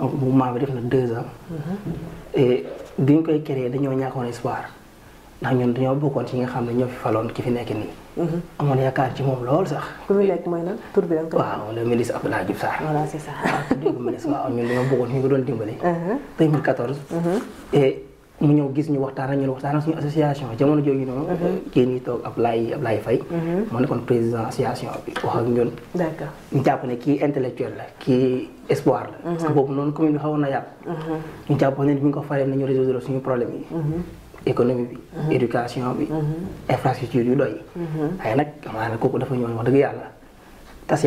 donc mouvement bi def na deux ans. et bi ñu koy créer dañoo ñàkkoon espoir ndax ñun dañoo bokkoon ci nga xam ne ñoo fi faloon ki fi nekk nii. Mhm. amoon kaar ci moom lool sax. ku fi nekk ko. waaw le ministre Abdoulaye Diouf Sarr. voilà c'est ça waaw ku dégg ministre waaw ñun ñu ngi doon dimbali. 2014. Mhm. Mhm. et mu ñëw gis ñu waxtaan ak ñun waxtaan ak suñu association jamono jooju noonu. Mhm. kii nii toog Ablaye Ablaye Faye. Mhm. moo nekkoon président association bi wax ak ñun. d'accord ñu jàpp ne kii intellectuel la kii espoir la. Mhm. parce que boobu noonu commune bi xawoon na yàlla. ñu jàpp ne bu ñu ko faree nañu résoudre suñu problème yi. économie bi. éducation bi. infrastructure yu doy. waaye nag kooku dafa ñëwoon wax dëgg yàlla tas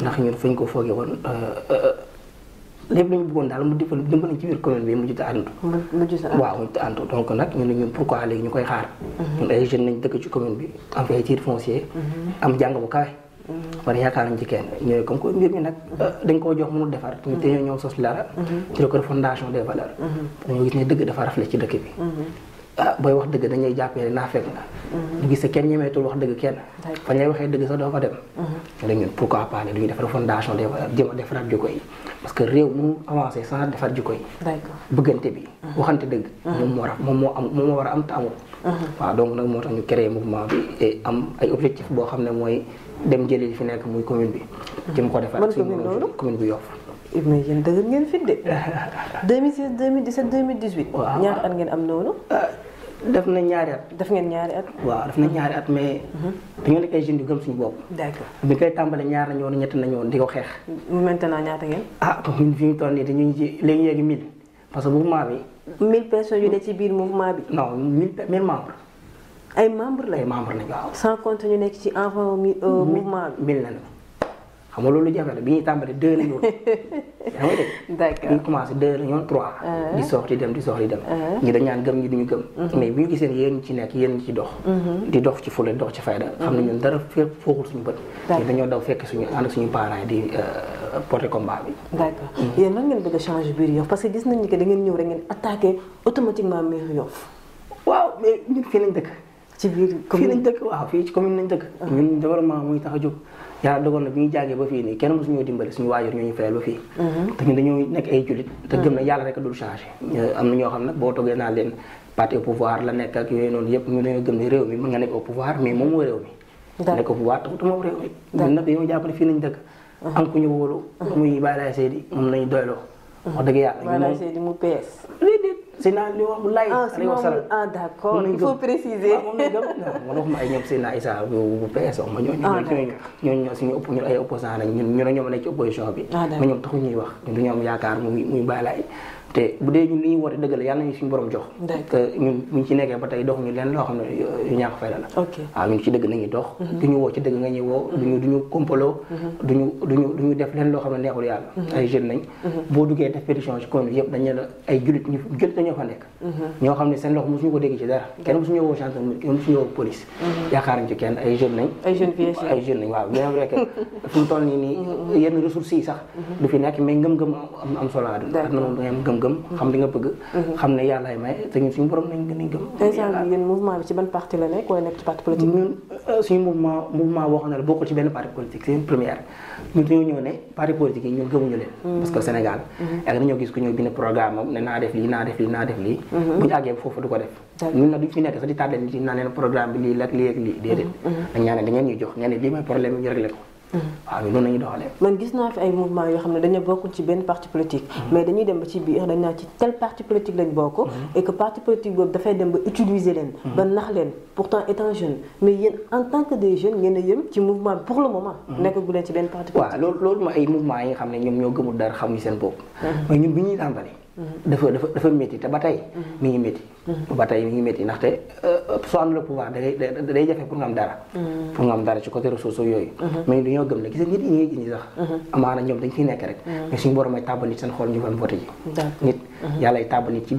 ndax ñun fu ko foogee woon. Euh, euh, lépp lu ñu bëggoon daal mu defal dimbali ci biir commune bi mu jot a ànd. a ànd waaw mu jot a ànd donc nag ñu ne ñun pourquoi léegi ñu koy xaar. Mhm. ñun ay jeunes ci commune bi am fay titre foncier. Mhm. am jàng bu kawe. Mhm. wala yaakaar nañ ci kenn ñooy comme que mbir mi nag euh, dañ koo jox mënul defar. ñu te ñoo ñëw sos dara. ci la ko fondation des valeurs. ñu gis ne dëgg dafa rafle ci dëkk bi. ah booy wax dëgg dañuy jàppee naa fekk nga. bu mhm. gisee kenn ñemeetul wax dëgg kenn. fa ñay waxee dëgg sax doo fa dem. léegi mhm. ñun pourquoi pas ne defar fondation des parce que réew mu avancé sans defar jikko yi. bëggante bi. Mhm. waxante dëgg. moom moo war moom moo am moom moo war a am te amul. donc nag moo tax ñu créé mouvement bi et am ay objectif boo xam ne mooy dem jëlee fi nekk muy commune bi. jëm ko defar ak suñu commune bi Yoff mais yéen ngeen fit de. 2016 2017 2018. waaw ñaata at ngeen am noonu. Ah, def na ñaari at. def ngeen ñaari at. waaw def na ñaari at mais. dañoo mhm. nekk ay jeunes yu gëm suñu bopp. d'accord bi koy tàmbale la ñu woon ah, ci biir mouvement bi. non mille mille ay membres lañu. ay membres waaw. sans compte ñu nekk ci avant euh, mouvement bi. mille lañu. xam lolu loolu la bi ñuy tàmbali deux lay doon xam nga d'accord ñu commencé deux la ñoon trois di sorti dem di sorti dem ñi dañ ñaan gëm ñi duñu gëm mais bu ñu gisee yéen ci nek yeen ci dox di dox ci fulé dox ci fayda xam nañu dara fekk fooxul suñu bëtt ñi dañu daw fekk suñu and suñu parents di eh. mm-hmm. mm-hmm. mm-hmm. porter eh, combat bi d'accord yeen lan ngeen bëgg changer bir Yoff parce que gis nañ ni que da ngeen ñëw rek ngeen attaquer automatiquement mère Yoff waaw mais ñun fi lañ dëkk ci bir commune fi lañ dëkk waaw fi ci commune lañ dëkk ñun développement muy taxaju eh. yàlla dogal na bi ñu jàngee ba fii nii kenn mësuñoo dimbali suñu waajur ñoo ñu fayal ba fii mm-hmm. te ñun dañoo nekk ay julit te gëm na mm-hmm. yàlla rek dul changé am na ñoo xam nag boo toggee naa leen parti au pouvoir la nekk ak yooyu noonu yëpp ñu dañoo gëm ne réew mi mën nga nekk au pouvoir mais moom réew mi nekk au pouvoir taxut moom réew mi ñun nag dañoo jàpp ne fii nañ dëkk mm-hmm. am ku ñu wóolu muy Baye Laye Seydi moom lañu doyloo wax dëgg yàlla Baye Laye Seydi mu PS Seydina li wax lay alayhi wa sallam ah d'accord il faut préciser moom la gëm man waxuma ay ñoom Seydina Issa bu PS wax ma ñooñu ñooñu suñu ëpp ñun ay opposant lañ ñun ñu ne ñoom ne ci opposition bi ma ñoom taxu ñuy wax ñun du ñu am muy muy bàyyi te bu dee ñun li ñuy woote dëgg la yàlla nañu suñu borom jox. te ñun bu ñu ci nekkee ba tey dox ñu leen loo xam ne yu ñàkk fayda la. ok waaw ñun ci dëgg nañuy dox. Mhm. du ñu woo ci dëgg nga ñuy du mhm. mhm. ñu jullit dañoo fa nekk. ñoo xam ne seen loxo mosuñu ko dégg ci dara kenn mosuñu woo woo police. yaakaar nañu ci kenn ay jeunes lañ. ay jeunes pièces ay jeunes lañ waaw toll nii nii yenn ressources yi sax du fi nekk mais ngëm-ngëm am solo la gëm mm-hmm. xam li nga bëgg mm-hmm. xam ne yàllaay may suñu borom nañ gën a gëm ndeysaan yéen mouvement bi ci ne naa def lii naa def lii mm-hmm. bu ñu àggee foofu du ko def ñun nag duñ fi nekk sax di tàddal nit ñi naa leen programme bi lii ak lii ak lii déedéet dañ ñaan ne da ngeen jox ngeen lii mooy problème ñu réglé ko waaw noonu la ñuy doxalee. man gis naa fi ay mouvement yoo xam ne dañoo bokkul ci benn parti politique. Mm-hmm. mais dañuy dem ba ci biir dañ ci tel parti politique lañ bokk. Mm-hmm. et que parti politique boobu dafay dem ba utiliser leen. Mm-hmm. ba nax leen pourtant étant jeune mais yéen en tant que des jeunes ngeen a yem ci mouvement pour le moment. nekkagu leen ci benn parti politique. waaw loolu loolu mooy ay mouvement yi nga xam ne ñoom ñoo gëmul dara xamuñu s'en bopp. mais ñun bi ñuy tàmbali. dafa dafa dafa métti te ba tey mi ngi métti. ba tey mi ngi métti ndaxte euh, soo am le pouvoir da ngay day jafe pour nga am dara. Mm. pour nga am dara ci côté ressources yooyu. Mm-hmm. mais dañoo gëm ne gis nga nit ñi nit ñi sax. Mm-hmm. amaana ñoom dañ fiy nekk rek. Mm-hmm. mais suñu borom ay tàbbal nit ñu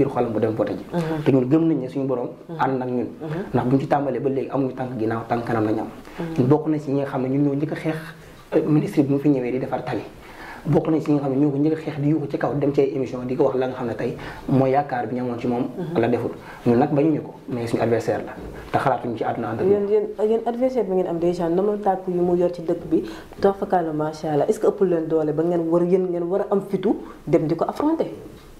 fan gëm nañ suñu borom. ànd nag ñun. ndax buñ ci tàmbalee ba léegi amuñu tànk ginnaaw tànk kanam la ñu bokk na ci ñi nga a xeex euh, ministre bi mu fi ñëwee di defar tali. bokk nañ si nga xeex di yuuxu ci kaw dem ci émission di ko wax la nga xam ne tey mooy yaakaar bi ñu ci moom mhm. la deful noonu tàkk yu mu doole ba ngeen war yéen ngeen war am fitu dem di ko affronter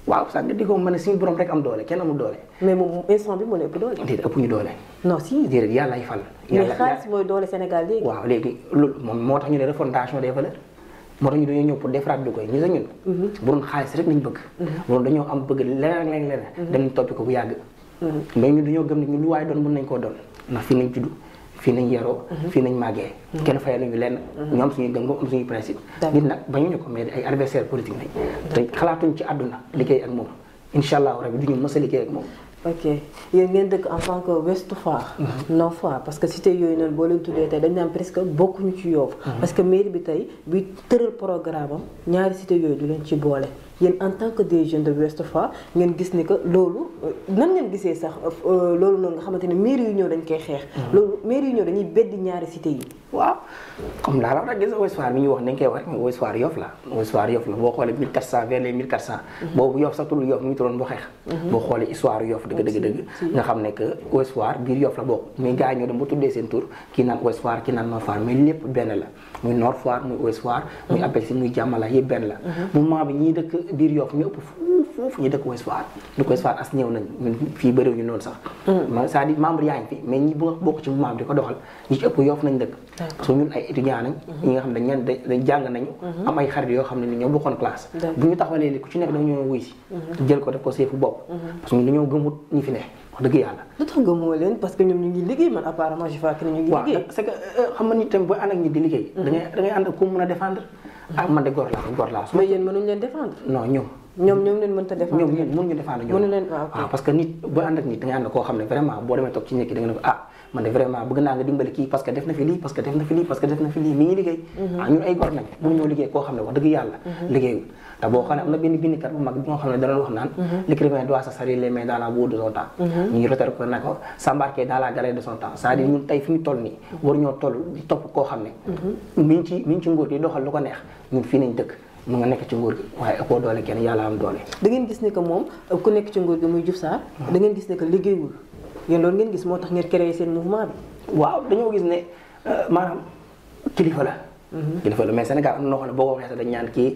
waaw sax nga di ko mën a suñu borom rek am doole kenn amul doole. mais moom instant bi moo ëpp doole. déedéet ëpp ñu doole. non si déedéet yàlla ay fal. yàlla mais xaalis mooy doole Sénégal léegi. waaw léegi loolu moom moo tax ñu ne refondation des moo tax ñu dañoo ñëw pour defaraat ko koy ñu sa ñun mhm. bu doon xaalis rek lañ bëgg loolu mhm. dañoo am bëgg leneen leneen leneen dem mhm. toppi ko bu yàgg mais ñu dañoo gëm ne ñu lu waaye doon mën nañ koo doon ndax fii nañ juddu fii nañ yaroo fii nañ màggee kenn fayal nañu lenn ñu am suñuy gëm-gëm am suñuy principe nit nag bañuñu ko mais ay adversaire politique lañ te xalaatuñ ci àdduna liggéey ak moom incha allah rabi du ñu mës a liggéey ak moom ok y en tant que Westphal, mhm. non parce que si tu presque beaucoup de mhm. parce que mairie bi ont bi le programme ils cité yéen en tant que des jeunes de Ouest Foire ngeen gis ni que loolu euh, nan ngeen gisee sax euh, loolu noonu nga xamante ne mairie yu mm-hmm. ñëw dañuy beddi ñaari cité yi. waaw comme laa la wax gis nga Ouest Foire bi la Ouest Foire Yoff la boo xoolee 1400 vers mm-hmm. mm-hmm. dëgg dëgg nga xam ne que Ouest biir Yoff la bokk mais gars yi ñoo dem ba tuddee seen tur kii naan Ouest Foire kii naan Nord Foire mais lépp benn la muy Nord Foire muy Ouest Foire muy mhm. APECSY muy Diamalaye yëpp benn la mhm. moment bi ñiy dëkk biir Yoff ñu ëpp foofu foofu ñu dëkk Ouest Foire ñu Ouest Foire as ñëw nañ ñun fii bëriwuñu noonu sax mhm. c'est-à-dire membre yaa ngi fi mais ñi bu bokk ci mouvement bi di ko doxal ñi ci ëpp Yoff nañ dëkk parce ñun ay étudiants nañ ñi nga xam ne dañ jàng nañu am ay xarit yoo xam ne ni ñoo bokkoon classe bu ñu taxawalee li ku ci nekk dañu wuy si jël ko def ko seefu bopp parce que ñun dañoo gëmut ñi wax dëgg yàlla. lu tax nga mooy leen parce que ñoom ñu liggéey man apparemment je crois que euh, nga ni mm-hmm. a défendre. Mm-hmm. Ah, ah, ah, nga ne ko ah nga dimbali parce que def na fi lii parce que def na fi lii parce ngi liggéey. Mm-hmm. ah ñun ay góor nañ mënuñoo liggéey koo xam ne wax dëgg yàlla liggéeyul te boo xam ne am na benn bindkat bu mag bi nga xam ne daloon wax naan l'écrivain doit se salir les mains dans la boue de son temps mhm. ñu ngi retar ko ne ko s'embarquer dans la galère de son temps c'est-à-dire ñun tey fi ñu toll nii war ñoo toll di topp koo xam ne mhm. mi ngi ci mi ngi ci nguur di doxal lu ko neex ñun fii nañ dëkk mu nga nekk ci nguur gi waaye ëppoo doole kenn yàlla am doole da ngeen gis ne que moom euh, ku nekk ci nguur gi muy Diouf Sarr mhm. da ngeen gis ne que liggéeyul yéen loolu ngeen gis moo tax ngeen créé seen mouvement bi waaw dañoo gis ne euh, maanaam kilifa la kilifa la mais Sénégal am na noo xam ne boo ko waxee sax dañ ñaan kii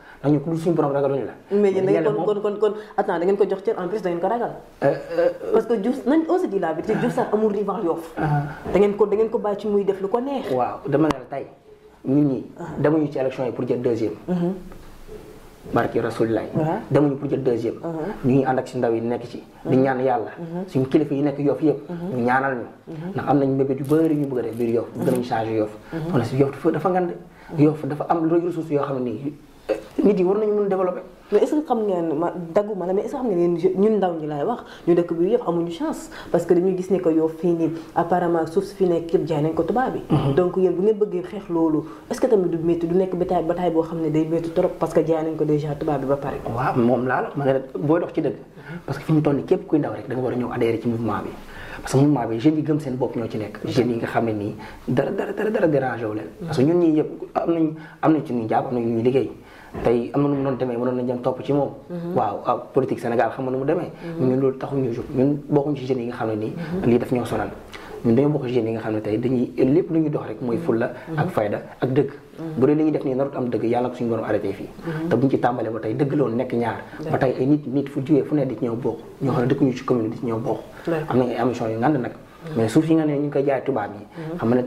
ndax ku dul suñu borom da ngeen ko jox cër en plus da ngeen ko ragal. Euh, euh, parce que Diouf nañ on se dit la vérité ah. Diouf Sarr amul rival Yoff. Ah. da ngeen ko da ngeen ci muy ah. mhm. nekk ci. di ñaan yàlla. Mhm. suñu kilifa yi nekk Yoff yëpp. Mhm. ñu ñaanal ñu. ndax am nañu mbébét yu a def si Yoff am nii nit yi war nañu mun développer. mais est xam ñi laay wax ñu dëkk bi yëpp amuñu ne nii ñu toll nii képp kuy ndaw rek da nga war a ñëw adhérer ci mouvement bi. parce que ñoo ci nekk. jeunes yi nga xam ne nii dara dara dara dara dérangé parce que ñun ñii yëpp am nañ am nañ ci ñuy jàpp am nañ liggéey tey am na nu mu doon demee mënoon nañ dem topp ci moom mhm. waaw ah Sénégal xam mhm. yi nga xam ne nii mhm. lii daf ñoo sonal ñun dañoo ne tey dañuy lépp lu ñuy dox rek mooy fulla ak fayda ak dëgg bu dee li ñuy ci ne di ci ñëw bokk ñoo xam di ci ñëw bokk am nañ ay émission yu ngand nag mais suuf yi nga ne ñu ngi koy jaay tubaab yi xam ne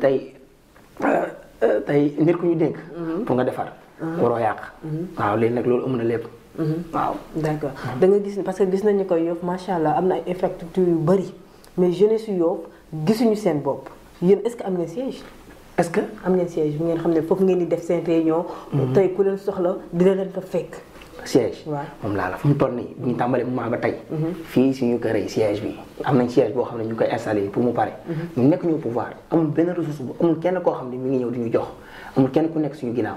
euh, tey nit ku ñu dénk pour nga defar Mhm. waroo yàq. Mhm. waaw léegi nag loolu am na lépp. Mhm. waaw d'accord da nga gis parce que gis nañu ko Yoff macha allah am na ay infrastructures yu bëri mais jeunesse yu Yoff gisuñu seen bopp yéen est-ce que am ngeen siège. est-ce que am ngeen siège bu ngeen xam ne foofu ngeen di def seen réunion. tey ku leen soxla dina leen fa fekk. siège moom laa la fu mu toll nii bu ñu tàmbalee moment ba tey fii suñu kër yi siège bi am nañ siège boo xam ne ñu koy installé pour mu pare ñu nekk ñu pouvoir amul benn ressource bu amul kenn koo xam ne mi ngi ñëw di jox amul kenn ku nekk suñu ginnaaw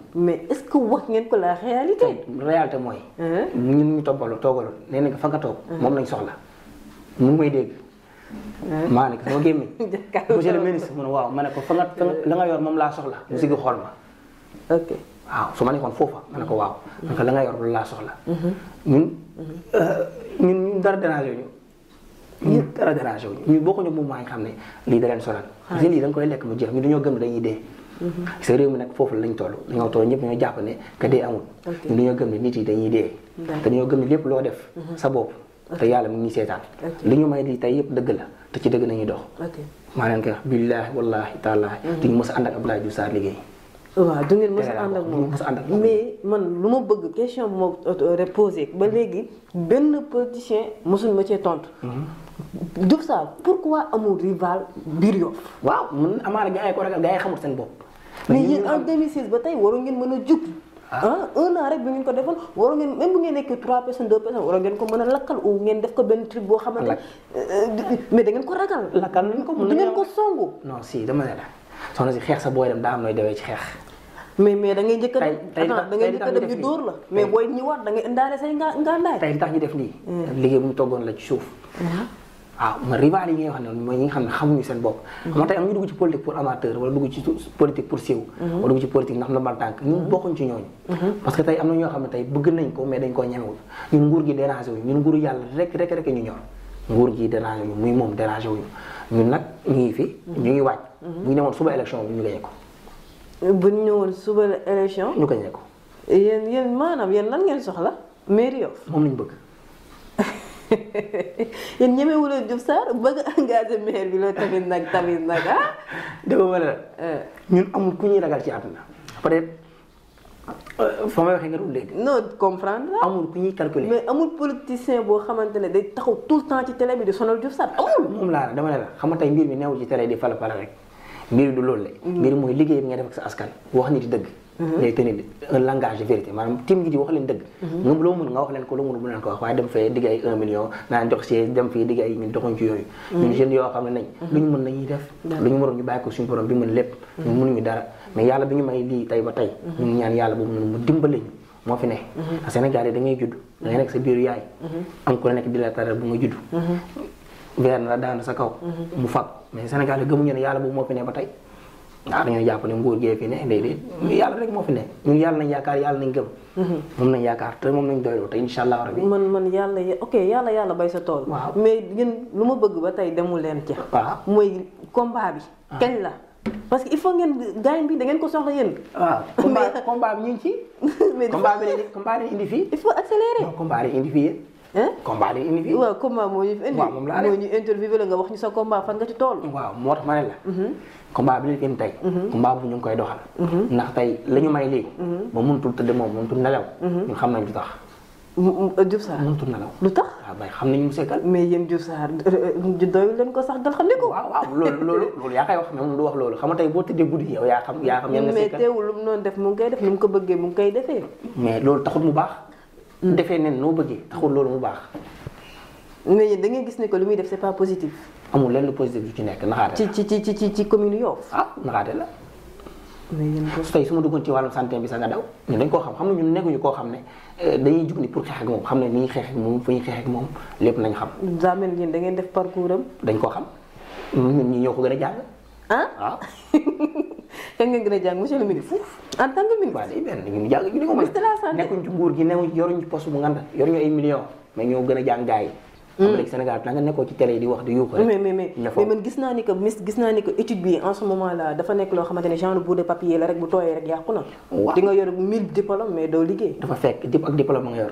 mais est-ce que wax ngeen ko la réalité. réalité mooy. ñun ñu toppaloo toogaloo nee nañ ko moom lañ soxla mu may dégg. maa ne ko sama gémmiñ. monsieur le ministre mu ne waaw ma ne ko fa nga la nga yor moom mu sigi xool ma. ok waaw su ma nekkoon foofa ma ne ko waaw. ma ne ko la nga yor loolu laa soxla. Mhm. ñun ñun mhm. euh, ñun dara dérangé ñu. ñun dara dérangé ñu bokkuñu mouvement yi xam ne da leen sonal. lii da nga koy lekk mu jeex ñu dee. sa réew mi nag foofu lañ toll dañoo toll ñëpp gëm nit yi dañuy dee te dañoo gëm ne lépp loo def mhm. sa bopp te yàlla mu ngi seetaan li ñu may lii tey yëpp dëgg la te ci dëgg nañuy dox maa leen koy wax billaahi wallaahi taalaahi mhm. duñu mos a ànd ak Abdoulaye Diouf Sarr liggéey waaw du ngeen a ànd ak moom mais man lu ma bëgg question bi moo euh, ba mhm. léegi benn politicien mosul ma cee tontu. Diouf Sarr pourquoi amul rival biir Yoff waaw mun amaana gaa yi ko ragal gaa yi xamul seen bopp mais yéen en 2016 ba tey waru ngeen mën a jug. ah un an rek bi ngeen ko defoon waru ngeen même bu ngeen nekkee trois personnes deux personnes waru ngeen ko mën a ou ngeen def ko benn trip boo xamante mais da ngeen ko ragal. lakkal nañ ko da ngeen ko songu. non si dama ne la soxna si xeex sa booy dem daa am nooy dewee ci xeex. mais mais da ngay njëkk a dem tey da ngay njëkk dem ñu dóor la. mais booy ñëwaat da ngay indaale say nga nga ndaay. tey tax ñu def nii. Eh. liggéey bu mu la ci suuf. waaw ah, ma rival yi ngay wax ne mooy ñi xam ne xamuñu seen bopp xam nga am ñu dugg ci politique pour amateur wala dugg ci politique pour siiw mhm. wala dugg ci politique ndax am na tànk ñun mhm. bokkuñ ci ñooñu mhm. parce que tey am na ñoo xam ne tey bëgg nañ ko mais dañ koo ñemewul nguur gi dérangé wuñu ñu nguur gi dérangé wuñu muy moom dérangé wuñu nag ñu ngi fi ñu ngi waaj bu ñu newoon suba élection ñu ko bu ñu newoon suba élection ñu ngeen soxla mairie Yoff moom yéen ñemewuloo Diouf Sarr bëgg engagé maire bi loolu tamit nag tamit nag ah. dama wala la ñun amul ku ñuy ragal ci àdduna peut être fa may waxee nga dul léegi. non comprendre amul ku ñuy calculer. mais amul politicien boo xamante ne day taxaw tout le temps ci télé bi di sonal Diouf Sarr amul. moom laa la dama ne la xam nga tey mbir mi neew ci télé di fala fala rek mbir du loolu la. Mm. mbir mooy liggéey bi nga def ak sa askan wax nit dëgg. ngay mhm. tenir un langage de vérité maanaam tim gi di wax leen dëgg nga mhm. loo mën nga wax leen ko loo mën bu leen ko wax waaye dem fee digg ay da ngay mhm. judd da ngay nekk sa biiru yaay am ku la nekk di la taral bu nga judd weer na la daanu sa kaw mu fab mais Sénégal yi gëmuñu ne boobu moo fi ne ba tey ah dañoo jàpp ne nguur gee fi ne déedéet ñu yàlla rek moo fi ne ñun yàlla nañ yaakaar yàlla nañ gëm mhm. moom nañ yaakaar te moom nañ doyloo te insha allah rabbi man man yàlla ok yàlla yàlla bay sa tool waaw mais yéen lu ma bëgg ba tey demul leen ci waaw mooy combat bi ah. kañ la parce que il faut ngeen gaañ bi da ngeen ko soxla yéen waaw ah, combat bi ñu ngi ci combat bi combat bi indi fii il faut accélérer combat bi indi fii combat la indi fii. waaw combat moo ñu fi indi. waaw moom laa la nga wax ñu sa combat fan nga ci tool. waaw moo tax ma ne la. Mhm. combat bi ñu fi indi mhm. bu mhm. ba mënutul tëdd lu tax. Euh, Diouf Sarr mënutul nelaw lu tax. waaw bay xam nañ mu seetal. mais yéen Diouf Sarr euh, euh, doyul ko sax dal ko. waaw waaw loolu loolu loolu yaa koy def mu mu ko bëggee mu ngi koy defee. mais loolu taxul mu baax Mm. defee nen noo bëggee taxul loolu mu baax. mais yéen da ngeen gis ne que lu muy def c'est pas positif. amul lenn lu positif lu ci nekk naxaate la ci ci ci ci ci commune Yoff. ah naxaate la. mais yéen boobu tey ci wàllum santé bi sax nga daw ñun dañ koo xam xam ne ñun nekkuñu koo xam ne euh, dañuy jug ni pour xeex moom xam ne ni ngi xeex moom fu ñuy xeex ak moom lépp nañ xam. daa mel ni da ngeen def parcours am. dañ koo xam ñun ñi ñoo ko gën a jàng. ah, ah. te ngeen gën a jàng monsieur le ministre fuuf en tant que ministre. waaw day benn ñun ci nguur gi newuñ yoruñ ci poste bu nganda yoruñu ay millions mais ñoo gën a jàng gaay xam nga hmm. Sénégal da nga nekkoo ci di wax mais mais man gis naa ni que mis gis naa ni que étude bi en ce dafa nekk loo xamante ne genre bout de papier la rek bu tooyee rek yàqu na. waaw di nga yor mille diplômes mais doo liggéey. dafa fekk dip ak nga yor.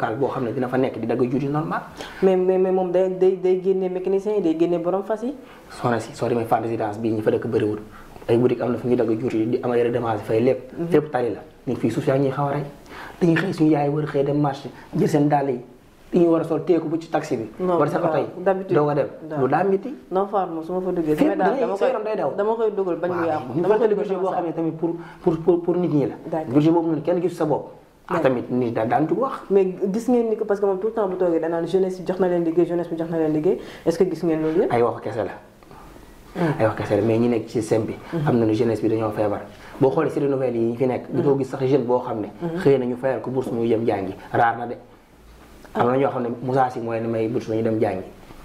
local boo xam ne dina fa nekk di dagg jur yu normal mais moom day day génne mécanicien yi day génne borom fas yi. soxna si soo demee fa dëkk bëriwul ay mhm. a a a taxi bi. non war dem lu daa métti. non Farma su ma fa duggee. damay koy dugal bañ nit ñi la. budget boobu noonu kenn gis sa ah tamit nit da daan jug wax. mais gis ngeen ni que parce que moom tout le temps bu toogee danaan jeunesse jox na leen liggéey jeunesse bi jox na leen liggéey est-ce que gis ngeen loolu yëpp. Hmm. ay wax kese la. mais ñi nekk ci système hmm. am nañu jeunesse bi dañoo feebar. boo xoolee ci nouvelles yi ñu fi nekk. Hmm. di ko gis sax jeune boo xam ne. xëy na ñu fayal ko bourse mu yem jàngi raar na de. Ah. am na ñoo xam ne Moussa mooy ne may bourse ñu dem jàngi.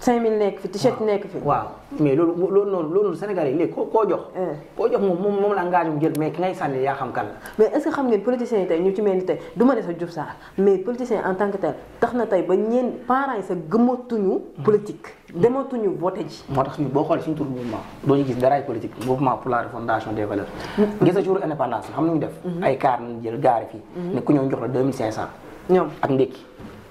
5000 nekk fi t-shirt nekk fi. waaw mais loolu loolu noonu loolu Sénégal yi léegi koo koo jox. Eh. koo jox moom moom la engagé mu jël mais ki ngay sànni yaa xam kan la. mais est ce que xam ngeen politiciens yi tey ñu ci mel ni tey du ma ba ñeen parents sa gëmatuñu mm. politique. Mm. dematuñu voté ji. moo tax ñu boo xoolee suñu tur mouvement doo ñu gis daraay politique mouvement pour la refondation des valeurs. Mm. gis nga jour indépendance bi xam nañu def. Mm-hmm. ay kaar nañu jël gaari fii. Mm-hmm. ne ku ñëw jox la 2500. ñoom ak ndékki.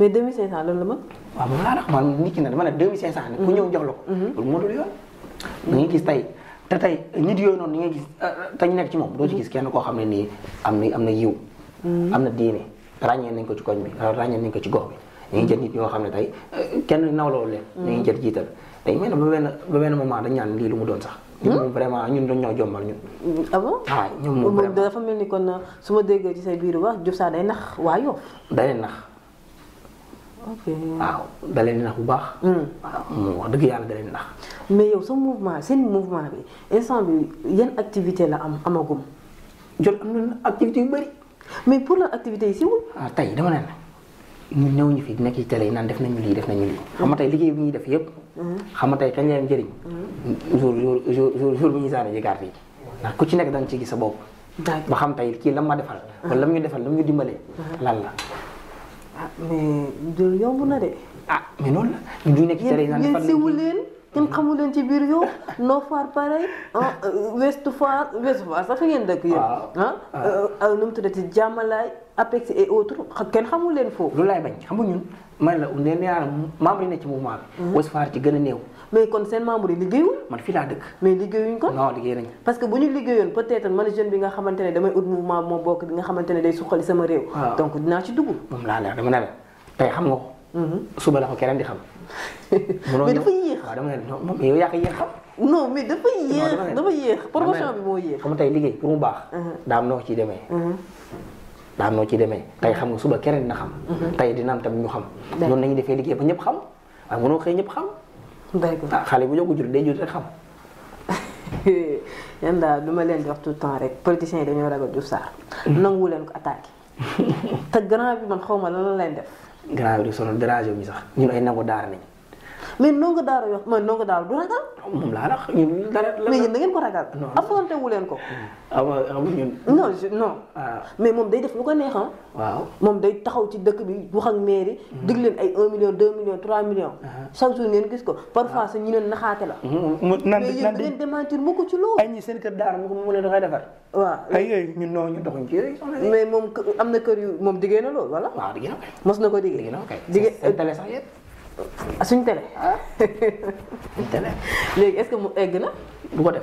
mais 2500 loolu la ma. waaw moom laa tax man nit ki na dama ne 2500. ku ñëw jox la ko. Mm-hmm. loolu moo dul yoon. da ngay gis tey te tey nit yooyu noonu ni nga gis ah, ah, te ñu nekk ci moom doo ci mm-hmm. kenn koo xam ne nii am na am na yiw. Mm-hmm. am na diine ràññee nañ ko ci koñ bi ràññee nañ ko ci gox bi. ñu jël nit yoo xam ne tey eh, kenn nawloo leen. ñu ngi jël jiital te mel na ba benn ba benn moment dañu naan lii lu mu doon sax. Hmm? ñun moom vraiment ñun dañu ñoo jombal ñun. ah bon waaw ah, ñoom moom vraiment dafa mel ni kon su ma déggee ci sa biir wax Diouf day nax waa Yoff. day nax. waaw dalee nax bu baax. Hmm. waaw wax dëgg yàlla dalee nax. mais yow sa mouvement seen mouvement bi instant bi yan activité la am amagum. jot am na activité yu bëri. mais pour lan activité yi siwul. ah tey dama ne ñu ñëw ñu fi nekk ci télé yi naan def nañu lii def nañu lii. xam nga tey liggéey bi ñuy def yëpp. Hmm. xam nga tey kañ la njëriñ. Hmm. jour jour jour jour bi ñuy saane ci carte yi. ndax ku ci nekk da nga ci gis sa bopp. ba xam tey kii lam ma defal. wala lam ñu defal lam ñu dimbalee. lan la ah mais loolu yomb na de. ah mais noonu la ñu nekk ci siwu leen ñun xamu leen ci biir yoo noo faar pareil ah west euh, faar west faar sax fi ngeen dëkk yéen. ah ah, ah. Euh, ah nu mu tuddati jàmmalaay apex et autres kenn xamu leen foofu. loolu laay bañ xamu ñun man la ne naa membre yi ne ci mouvement bi. west mm-hmm. faar ci gën a néew. mais kon seen membre yi liggéeyul man fii laa dëkk mais liggéeyuñ kon parce que bu ñu liggéeyoon peut-être man jeune bi nga xamante ne damay ut mouvement moo bokk day suqali sama réew donc dinaa ci dugg moom laa leer dama ne mhm. ne la yow yaa ko yéex xam non mais dafa yéex dafa yéex mu baax mhm. daa am noo ciy demee mhm. daa am noo ciy demee tey nga noonu nañu defee liggéey ah xale bu ñoo ko jur day jur rek xam. yan daal du ma leen di wax tout le temps rek politiciens yi dañoo ragal Diouf Sarr. Hmm. nanguwu leen ko attaque te grand bi man xaw ma la la leen def. grand bi du sonal dérangé wu ñu sax ñun ay nangu daara nañ mais ndongo daara yoo mooy ndongo daara du ragal. moom laa rax ñun dara. mais yéen da ngeen ko ragal. non affronté wu leen ko. ah ñun. non non. Ah. mais moom day def lu ko neex ah. waaw moom day taxaw ci dëkk bi wax ak mairie. Mm. dig leen ay 1 million 2 million 3 millions. Ah. chaque jour ngeen gis ko parfois ah. sax ñu ne naxaate la. Mm, mm, mu nan nan yéen ngeen démentir mu ko ci loolu. ay ñi seen kër daara mu ko mu leen dafay defar. waaw ay yooyu ñun non ñu doxuñ ci yooyu. mais moom am na kër yu moom diggee na loolu wala. waaw diggee na ko mos na ko diggee. diggee na ko kay Ah, suñ télé. Ah. suñ télé léegi est mu egg na du ko def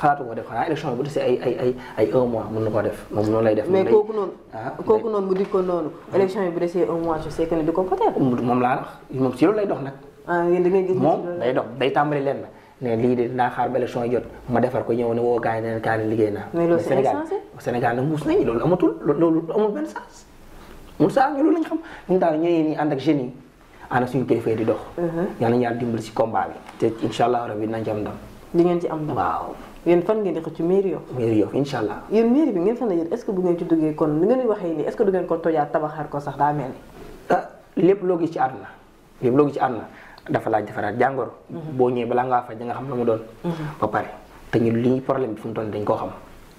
xalaatu ko def xanaa élection bi bu desee ay ay ay ay un mois mën na ko def moom noonu lay def. ko ah, noonu. élection yi bu desee un mois je sais que ko voté. moom laa lay dox nag. ah yéen da ngeen gis. moom day dox day tàmbali leen na. ne lii de naa xaar ba élection yi jot ma defar ko ñëw ne woo gars yi ne kaa ne liggéey naa. mais loolu Sénégal Sénégal nag muus nañu loolu amatul loolu amul benn sens. mu saa ñu loolu lañ xam ñun daal ñooñu ñuy ànd ak jeunes yi ana suñu kilifa di dox mhm. yalla ñaan dimbal ci si combat bi te inshallah allah rabi nañ jam ndam di ngeen ci am ndam waaw yeen fan ngeen di xëcc mairie yo mairie yo inshallah allah mairie bi ngeen fa ne est ce bu ngeen ci duggé kon ni ngeen waxé ni est ce du ngeen ko tojaat tabaxar ko sax da mel ni ah, lépp loo gis ci àdduna lepp lo gi ci àdduna dafa laaj defara jangoro mhm. bo ñëwee bala nga fa nga xam la mu doon mhm. ba pare te ñu li problème bi fu doon dañ ko xam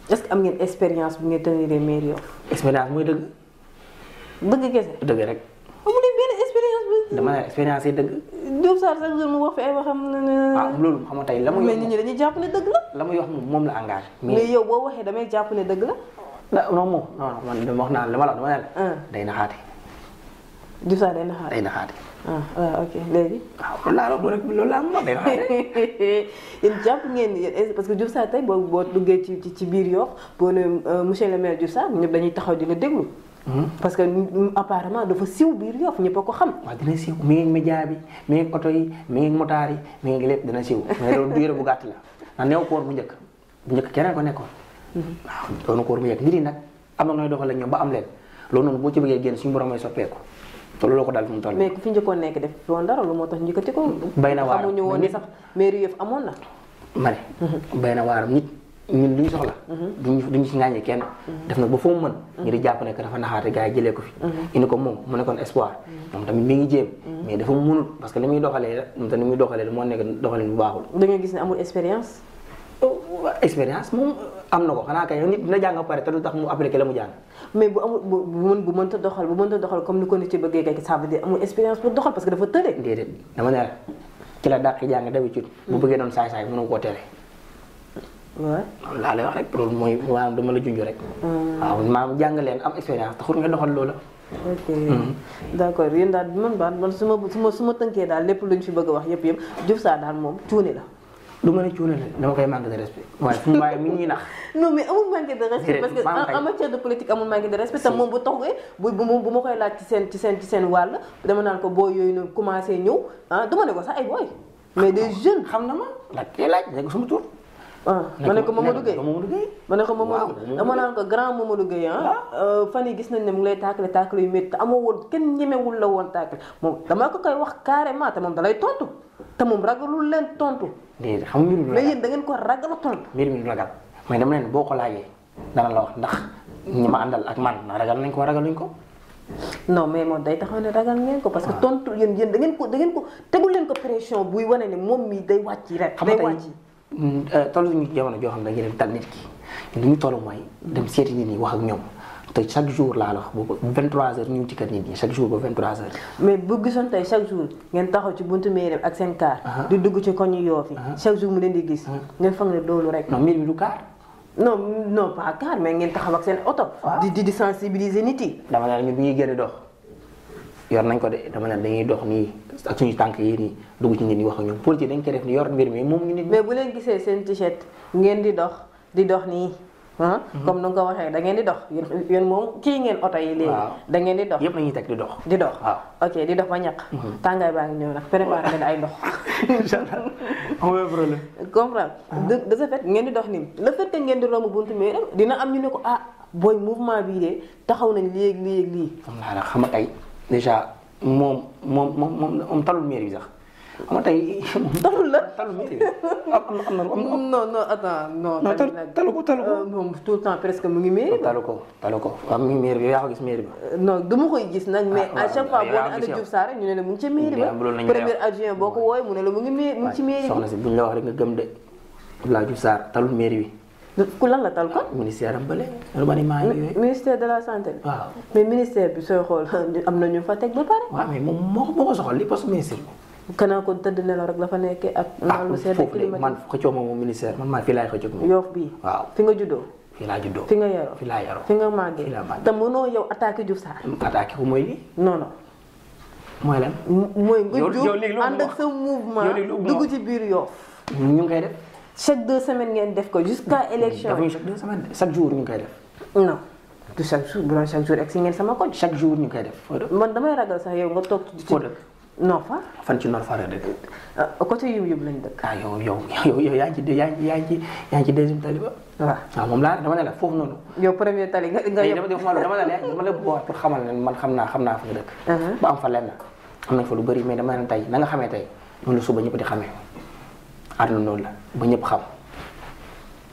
est ce am ngeen experience bu ngeen tenir mairie yo experience moy deug deug kese deug rek amu ne ben dama ne expérience yi dëgg. Diouf Sarr chaque jour mu wax fi ay waxam ne. ah loolu xam nga tey la mu. mais nit ñi dañuy jàpp ne dëgg la. la muy wax moom la engagé. mais yow boo waxee damay jàpp ne dëgg la. ah non moom non man dama wax naa la dama la dama ne la. day naxaate. Diouf Sarr day naxaate day naxaate. ah waaw ok léegi. waaw loolu laa loolu rek loolu laa moom day naxaate. yéen jàpp ngeen ni parce que Diouf Sarr tey boo boo duggee ci ci biir yoo boo ne euh, monsieur le maire Diouf Sarr ñëpp dañuy taxaw di la déglu. Hmm? parce que apparemment dafa siw biir Yoff ñëpp ko xam. waaw dina siw mi ngi média bi mi ngi oto yi mi ngi motaar yi mi ngi lépp dina bu gàtt la ndax néew njëkk bu njëkk keneen ko nekkoon. Hmm. waaw koor bu njëkk nit yi nag am na nooy doxal ak ñoom ba am leen boo ci bëggee génn suñu borom mooy soppeeku. te loolu ko daal fi mu toll mais ku fi njëkkoon nekk def ko. bay na waaram xamuñu woon ni sax mairie Yoff na. ma ne. Hmm. bay na waaram nit ñun lu soxla. Mhm. duñu duñu ci ŋàññi kenn. Mhm. def nak ba fo mën. ngir mhm. japp nek dafa naxaate gars yi ko fi. indi ko moom mu kon espoir. mom tamit mi ngi jëm mais dafa mënul parce que limuy doxalé doxalee moom tamit li muy doxalee moo nekk doxalin bu baaxul. da nga gis ni amul expérience. Oh, expérience mom euh, amna ko xana kay nit dina jang paré té te tax mu appliquer la mu jàng. mais bu amul bu mën bu mën ta doxal bu mën ta doxal comme ni ko nit ci bëggé kay ça veut dire amul expérience pour doxal parce que dafa teulé dédé dama ne ci la jang dawi ci bu bëggé don say say mënu ko téré loolu laa lay wax rek loolu mooy maanaam dama la junj rek. Mm. waaw maanaam jàng leen am expérience taxul nga doxal loola. ok mm-hmm. d' accord yéen daal man baal man ma su ma su a wax yëpp yëpp Diouf Sarr daal moom cuune la. ma de respect parce que en matière de de respect. te moom bu toogee bu ma koy laaj ci seen ci seen ci seen wàll dama naan ko boo yooyu noonu commencé ñëw ah dama ne ko sax ay booy. mais des jeunes xam na ma. ndax kii laaj dégg nga sama Ah, ma ne ko Mamadou Gueye ma ne ko Mamadou Gueye dama naan ko grand Mamadou Gueye ah, ah. Euh, fan yi gis nañ ne mu ngi lay tàkkale tàkkale yu métti te amoo woon kenn ñemewul la woon tàkkale moom dama ko koy wax carrément te moom dalay tontu te moom ragalul leen tontu déedéet xam nga mbir mi mais yéen da ngeen ragal tontu mbir mi du ragal mais dama leen boo ko laajee dana la wax ndax ñi ma àndal ak man na ragal nañ ko ragaluñ ko non mais moom day taxaw ne ragal ngeen ko ah. ngeen ko da ko tegul leen ko pression buy wane ne moom mi day wàcci rek day wàcci ñun tolluñu jamono joo xam ne dañuy dem dal nit ki li ñu toll mooy dem seeti nit ñi wax ak ñoom te chaque jour laa la wax boobu 23h ñu ngi ci kër nit ñi chaque jour ba 23h. mais bu gisoon tey chaque jour ngeen taxaw ci buntu mairie ak seen kaar. di dugg ci koñu Yoff yi. chaque jour mu leen di gis. ngeen foog ne loolu rek. noo mbir mi du kaar. non non pas mais ngeen taxaw ak seen oto. di di sensibiliser nit yi. dama ne la ñun bu ñuy génn dox. yor nañ ko de dama ne dañuy dox nii ak suñu tànk yi nii dugg ci nit ñi wax ak ñoom politique dañ koy def ni yor mbir mi moom t-shirt ngeen di dox di dox nii ah mhm. comme nu nga ko waxee da ngeen di dox yéen moom kii ngeen oto yi léegi da ngeen di dox yëpp nañuy teg di dox di dox waaw ok di dox ba ñàkk mhm. tàngaay baa ngi ñëw nag préparé leen ay ndox inchallah amul problème comprendre ah. ngeen di dox nii le fait que ngeen di romb buntu mais dina am ñu ne ko ah booy mouvement bii de taxaw nañ li léegi lii xam naa la xam ay déjà moom moom moom moom talul mairie bi sax xam nga tey moom talul la talul mairie bi na am na. non non attends non. non talu ko talu euh, mu ngi mairie. talu ko talu ko waaw mu ngi mairie bi yaa ko gis mairie bi. Euh, non du gis nag. Ah, mais à chaque fois boo ne ana Diouf Sarr ñu ne la mu ngi ci mairie ba. premier adjoint boo ko wooyee mu ne la mu ngi mairie mu ngi ci bi. soxna si buñ la wax rek gëm de Abdoulaye Diouf Sarr talul mairie bi. ku lan la tal kon ministère am bële urbani maa yooyu eh? ministère de la santé waaw mais ministère bi sooy xool am na ñu fa teg ba pare waaw mais moom moo moo ko soxal li parce que ministre kanaa kon tëdd nelaw rek la fa nekkee ak wàllu man xëccoo ma ministère man maa fii laay xëccoog moom yoof waaw fi nga juddoo fi laa juddoo fi nga yaroo fi laa yaroo fi nga màggee te mënoo yow attaqué Diouf Sarr attaqué ko mooy li non non mooy lan mooy nga ak sa mouvement dugg ci biir ñu ngi def chaque deux semaines ngeen def ko jusqu'à hmm. élection yi. chaque deux semaines chaque jour ñu koy def. non du chaque jour bu doon chaque jour egg si ngeen sama koñ. chaque jour ñu koy def. man damay ragal sax yow nga toog. foo dëkk non fa. fan ci noor faa la dëkk. Ah, côté yub yub lañ dëkk. ah yow yow yow yow yaa ngi ci yaa ngi ci yaa ngi ci deuxième tali ah, laa dama ne la foofu noonu. yow premier tali nga dama la dama pour xamal man xam naa xam naa fa nga dëkk. Uh-huh. ba am fa lenn am nañ lu bëri mais nga xamee tey noonu la suba ñëpp na noonu la ba ñëpp xam.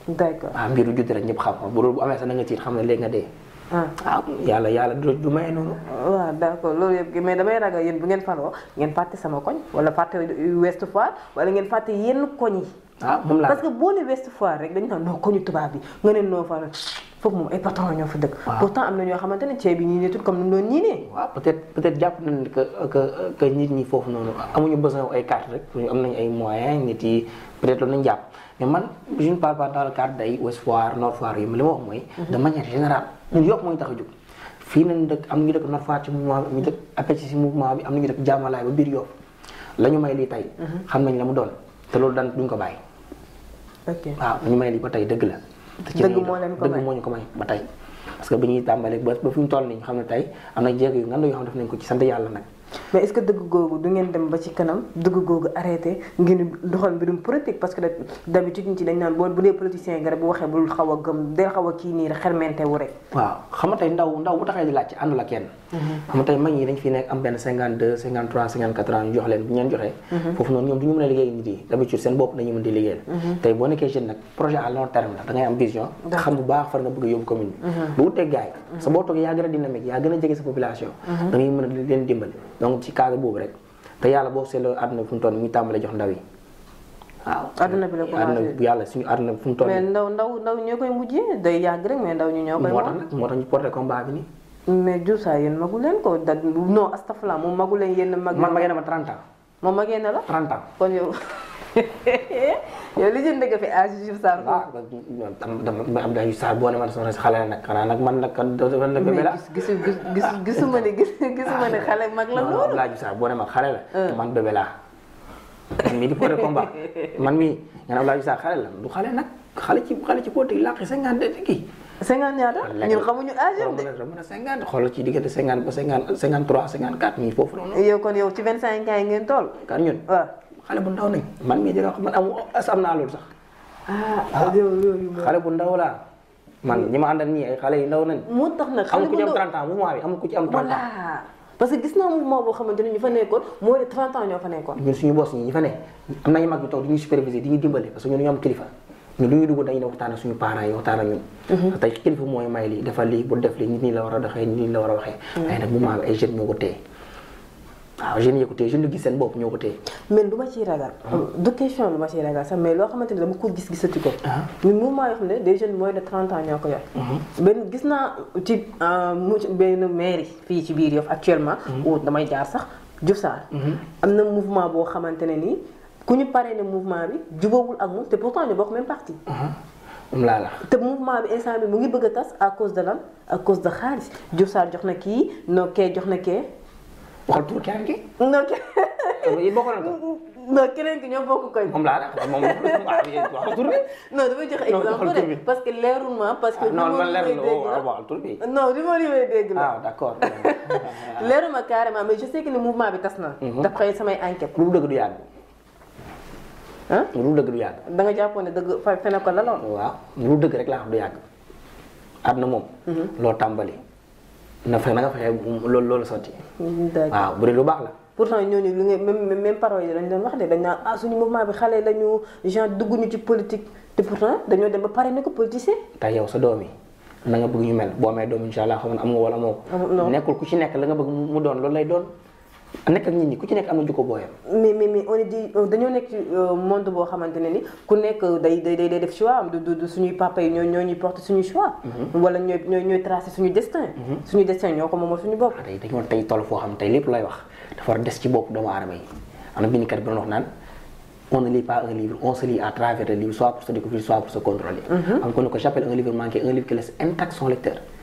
d'accord ah mbir du judd rek ñëpp xam bu loolu bu amee sax na nga tiit xam ne léegi nga dee. ah, ah yàlla yàlla du maye noonu. waaw d'accord loolu yëpp mais damay ragal yéen bu ngeen faloo ngeen fàtte sama koñ wala fàtte Ouest Foire wala ngeen fàtte yenn koñ yi. ah moom laa parce que boo ne West Foire rek dañu naan non koñu tubaab bi nga ne noo fa rek foofu moom ay patron am na bi ñii ñu ay moyens nit yi peut loolu nañu jàpp mais man je ne parle pas dans day West Foire Nord Foire yi li ma wax mooy. Mhm. de manière générale ñun yokk mooy tax a jóg. fii nañu dëkk am na ñu dëkk Nord Foire ci mouvement bi am na ñu dëkk Jaamalaay ba biir Yoff la may lii tey. Mhm. xam nañ la mu doon te loolu daan duñ ko bàyyi waaw ñu may li ba tey dëgg la. dëgg moo leen ko may dëgg moo ñu ba tey. parce bi ñuy tàmbalee ba ba fi mu toll nii xam ne tey am na jéego yu nga yoo xam ne def nañ ko ci sant yàlla nag. mais est-ce que dëgg googu du ngeen dem ba ci kanam dëgg googu arrêté ngeen doxal mbirum politique parce que d'habitude ñu ci dañ naan boo bu dee politicien nga rek bu waxee bul xaw a gëm del xaw a kii nii rek xermente wu rek. waaw xam tey ndaw ndaw bu taxee di laaj ci àndul ak kenn xam nga tey mag ñi dañ fi nekk am benn cinquante deux cinquante trois cinquante quatre ans jox leen bu ñeen joxee mhm. foofu noonu ñoom du ñu mën a liggéey nit yi d'habitude seen bopp dañuy mën mhm. a yóbbu commune bi bu mhm. a moo tax moo tax ñu porté combat bi nii mais Diousa yéen magu leen ko da non astafurlah moom magu leen mag. man magee ma 30 ans. moom magee na la. 30 ans kon yow yow li jënd nga fi âge Diouf Sarr. ah dama am Diouf man soxna si xale la nag xanaa nag man gis gis gisuma ne gis gisuma boo ne ma xale la. Euh. man bébé man mii di porté combat man mii nga ne Abdoulaye Diouf Sarr xale la du xale nag xale ci xale ci porté yi làqi cinquante kii. cinquante ñaata ñun xamuñu âge de. romb na cinquante xoolal ci diggante cinquante ba cinquante cinquante trois cinquante quatre ñun foofu la. yow kon yow ci vingt cinq ans yi ngeen toll. kan ñun waaw xale bu ndaw nañ man mii dina wax man amu am naa loolu sax. ah, ah. xale bu ndaw laa. man ñi ma àndal ñii ay xale yu ndaw nañ. moo tax nag xale bu ndaw amul ku ci am trente ans mouvement bi amul ku ci am trente ans. parce que gis naa mouvement boo xamante ne ñu fa nekkoon moo de trente ans ñoo fa nekkoon. ñun suñu boss ñi ñu fa ne am na ñu mag ñu toog di ñu superviser di ñu dimbale parce que ñun ñu am kilifa ñu lu ñuy dugg dañuy waxtaan ak suñu parents yi waxtaan ak ñun. Mhm. tey kilifa mooy may lii defal lii bu def lii nit ñi la war a doxee nit ñi la war a waxee. Mhm. waaye nag moment bi lu ma ciy ragal. Mhm. du question lu ma ciy ragal sax mais loo xamante ne dama ko gis gisati ko. ñun mouvement yoo xam ne des jeunes moins de 30 ans ñoo ko yor. benn gis naa ci euh, mairie fii ci biir Yoff actuellement. wut damay jaar sax Diouf am na mouvement boo xamante ne nii. ku ñu paree mouvement bi jubóowul ak moom té pourtant ñu bokk même parti. Mm-hmm. la la té mouvement bi instant bi mu ngi bëgg tass à cause de lan à cause de xaalis Diouf Sarr jox na kii ké kee jox na kee. waxal tur keneen ki. non bokk na ko. non keneen ki ñoo bokk koy. la la mom waxal tur bi. non damay joxe exemple parce que leerul ma parce que. Ah, non man leerul ma oh, waxal tur bi. non li ma limay dégg la. ah d'accord. leerul ma carrément mais je sais que le mouvement bi tass na. Mm-hmm. d'après sama enquête. lu mu dëgg du yàgg. ah lu dëgg du yàgg. da nga jàppoon ne dëgg fa fene ko la waaw lu dëgg rek laa xam du yàgg. am na moom. Mhm. loo tàmbali. na fexe na nga fexe loolu loolu sotti. Mhm, lu baax la. pourtant ñooñu li nga même même parole yi dañ doon wax de dañ naan ah suñu mouvement bi ci politique te pourtant dañoo dem ba pare ne ko politicien. te yow sa doom yi na nga bëgg ñu boo amee doom incha wala moo ko. nekkul ku ci nekk la nga bëgg mu doon loolu lay doon. nekk ak nit ñi ku ci nekk am na jikko booyam. mais mais mais on est di dañoo nekk ci euh, monde boo xamante ne ni ku nekk day day def choix du du suñuy papa yi ñoo ñuy porter mm-hmm. suñu destin. Mm-hmm. suñu destin ñoo ko moomal suñu bopp. Ah, tey dañoo tey toll foo xam tey lépp lay wax dafa des ci bopp doomu aadama yi am na bindkat bi doon wax naan on ne lit un livre on se lit à travers le livre soit pour se découvrir soit pour se contrôler. Mm-hmm. am ko ne ko j'appelle un livre manqué un livre qui laisse intact son lecteur.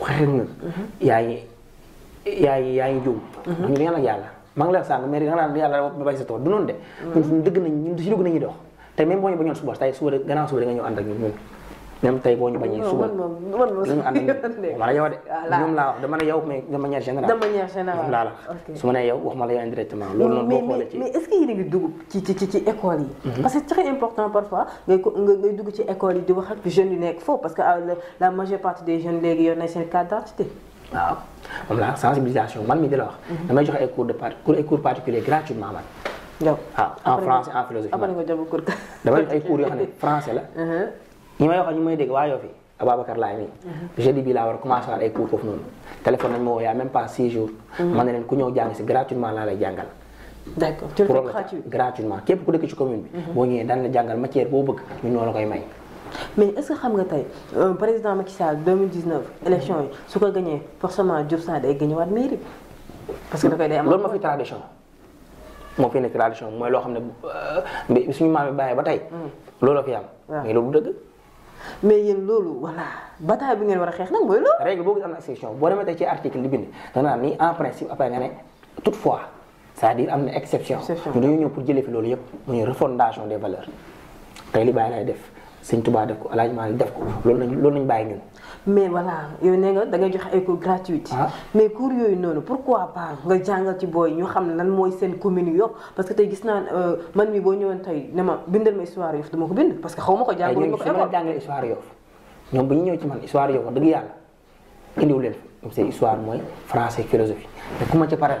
waxee nga yaa ngi yaa ngi yaa ngi juum ndax ñu dañu yàlla maa ngi leen sànq mais nga naan yàlla ba bàyyi sa tool du noonu de ñun suñu dëgg nañ ñun si dëgg nañuy dox te même boo ñu ba ñoon suba tay suba gannaaw suba nga ñëw ànd ñun même tey boo ñu bañee suba man ànd ma la yow de ñoom laa wax dama ne yow mais de manière générale de manière générale laa la su ma yow wax ma la yow indirectement loolu noonu boo xoolee ci mais est-ce que yéen a dugg ci ci ci ci école yi mhm. parce que c'est très important parfois ngay ngay dugg ci école yi di wax ak jeune yu nekk faux parce que euh, la majeure partie des jeunes léegi yor nañ seen carte d'identité waaw moom la sensibilisation man mi di la wax mhm. damay joxe ay cours de part cours ay cours particuliers gratuitement man ah en français en philosophie dama ay cours yo xam français la uh-huh. ñi may waxal ñu may dégg waa Yoff yi Ababacar laay mi jeudi bi laa war a commencé ay cours foofu noonu téléphone nañ ma woo même pas 6 jours. ma ne leen ku ñëw jàng si gratuitement laa lay jàngal. d'accord tu képp ku dëkk ci commune bi. boo ñëwee daan la jàngal matière boo bëgg ñun noonu la koy may. mais est-ce que xam nga tey euh, président Macky Sall 2019 élection yi su ko gagné forcément Diouf loolu moo fi tradition moo fi nekk tradition mooy loo xam ne euh, suñu maam mais yéen loolu voilà bataille bi ngeen war a xeex nag mooy loolu. règle boo gis am na exception boo demee tey ci article di ni en principe après nga ne toutefois c'est-à-dire am na exception. exception ñu dañoo ñëw pour jëlee fi loolu yëpp muy refondation des valeurs tey li bàyyi lay def. sëñ Tuubaa def ko El Hadj Malick loolu lañ bàyyi ñun. mais voilà yow nee nga da ngay ay cours gratuits. Ah. mais cours yooyu noonu pourquoi pas nga jàngal ci booy ñu xam lan mooy seen commune yëpp parce que tey gis naa euh, man mi boo ñëwoon tey ne ma bindal ma histoire Yoff dama ko bind parce que xaw ma ko jàngaluñ ma ko école jàngale histoire Yoff ñoom bu ñu ñëw ci man histoire Yoff dëgg yàlla indiwu leen histoire mooy français philosophie te ku ci pareel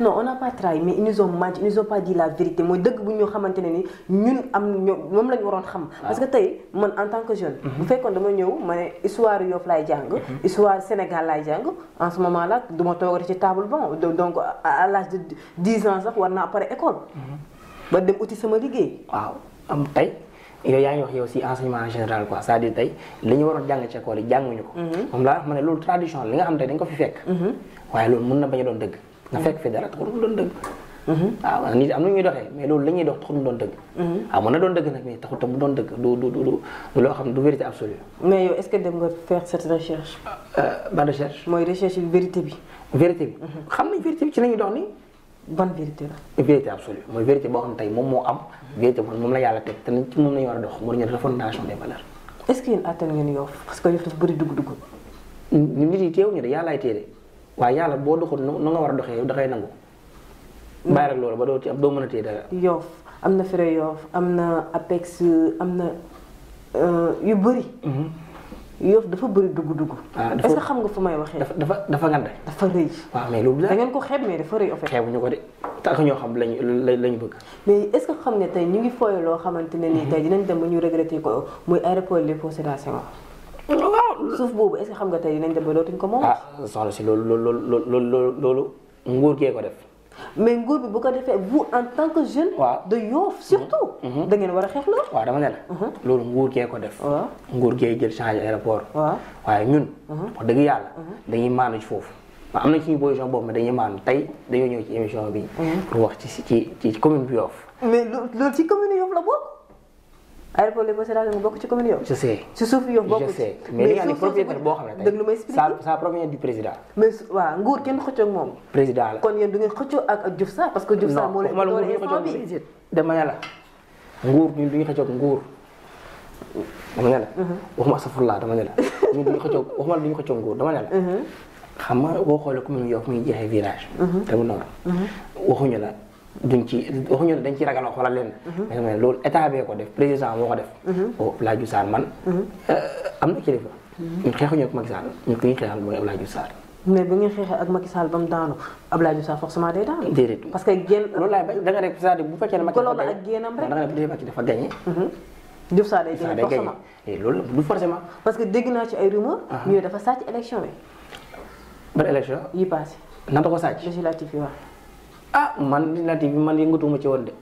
non on n'a pas trahi mais ils nous ont menti ils nous ont pas dit la vérité Moi, dëgg bu ñoo xamante ne ni ñun am ñoo moom la ñu waroon xam. Ah. parce que tey man en tant que jeune. Mhm. bu fekkoon dama ñëw ma ne histoire Yoff laay jàng. Mhm. histoire Sénégal laay jàng en ce moment là du ma toog ci table bon donc à l'âge de 10 ans sax war n'a pare école. Mhm. ba dem uti sama liggéey. waaw am tey yow yaa ngi wax yow si enseignement général quoi c'est-à-dire tey li ñu waroon jàng ci école yi jànguñu ko. moom laa ma ne tradition la li nga xam tey dañ ko fi fekk. waaye loolu mën na bañ a doon dëgg. nga fekk fi dara taxul mu doon dëgg. Mhm. Ah, waaw nit am na ñuy doxee mais loolu la ñuy dox taxul mu doon dëgg. waaw mhm. ah, mën na doon dëgg nag mais taxul tam mu doon dëgg du du du du loo xam du vérité absolue. mais yow est-ce que dem nga faire cette recherche. Euh, ban recherche. mooy recherche bi vérité bi. vérité bi. Mhm. xam nañ vérité bi ci la ñuy dox nii. ban vérité la. vérité absolue mooy vérité boo xam tey moom moo am. vérité boo xam moom la yàlla teg te ci moom la ñu war a dox moo ñu refondation des valeurs. est-ce que yéen attan ngeen Yoff parce que Yoff dafa bëri dugg-dugg. nit yi teewuñu de yàllaay téye de. waaye yàlla boo doxul nu nga war a doxee yow da ngay nangu. bàyyi rek loolu ba doo ci doo mën a téye dara. yoof am na frais yoof am na apex am na euh, yu bëri. Mhm. yoof dafa bëri dugg-dugg. Ah, est-ce que xam nga fu may waxee. dafa dafa dafa ngande. dafa rëy. waaw ko xeeb mais dafa rëy en fait. xeebuñu ko de tax ñoo xam lañu lañu bëgg. mais est-ce que xam ne tey ñu ngi fooy loo xamante ne nii mhm. tey dinañ dem ba ñu regretté ko muy aéroport Léopold Sédar Senghor. waaw suuf boobu est-ce nga tey dinañ dem ba dootuñ ko moom. ah soxna si loolu loolu gee ko def. mais ngoor bi bu ko defee vous en tant que jeune. waaw de Yoff surtout. Mm-hmm. Mm-hmm. da ngeen war a xeex loolu. waaw dama ne la. Mm-hmm. gee ko def. waaw nguur gee jël changé aéroport. waaw waaye ñun. wax dëgg yàlla. dañuy maanu ci foofu. am na ci position boobu dañuy maanu tey dañoo ñëw ci émission bi. pour wax ci ci ci commune bi Yoff. mais loolu ci commune Yoff la bokk. aéroport les Mosera nga bokk ci commune yow. je suuf yow bokk ci mais li nga boo xam ne. dëgg lu may expliqué kon yéen du ngeen xëccoo ak ak Diouf que Diouf Sarr moo leen. doole bi dama ne la nguur ñun du ñu xëccoo ak nguur dama ne la. waxuma astafurlah dama ne la ñun du ñu xëccoo ne boo xoolee commune yow fu muy jeexee village. te mu noor waxuñu la. duñ ci waxuñu ne dañ ci ragal xoolal leen. Mhm. mais loolu état bee ko def président moo ko def. Mhm. o oh, Abdoulaye Diouf Sarr man. Mhm. Euh, am na kilifa. ñun xeexuñu ak Macky Sall ñu xeexal mooy daanu Abdoulaye Diouf Sarr forcément day daanu. déedéet parce que génn. loolu laay bañ da nga nekk c'est-à-dire bu fekkee ne Macky dafa dafa gagné. Diouf Sarr day gagné forcément loolu du forcément. parce que dégg naa ci ay rumeur. Ah. ñu dafa sàcc élection yi. ban élection. yi passé. nan da ko sàcc législative yi waaw. ah man législative bi man yëngatuma ci woon de.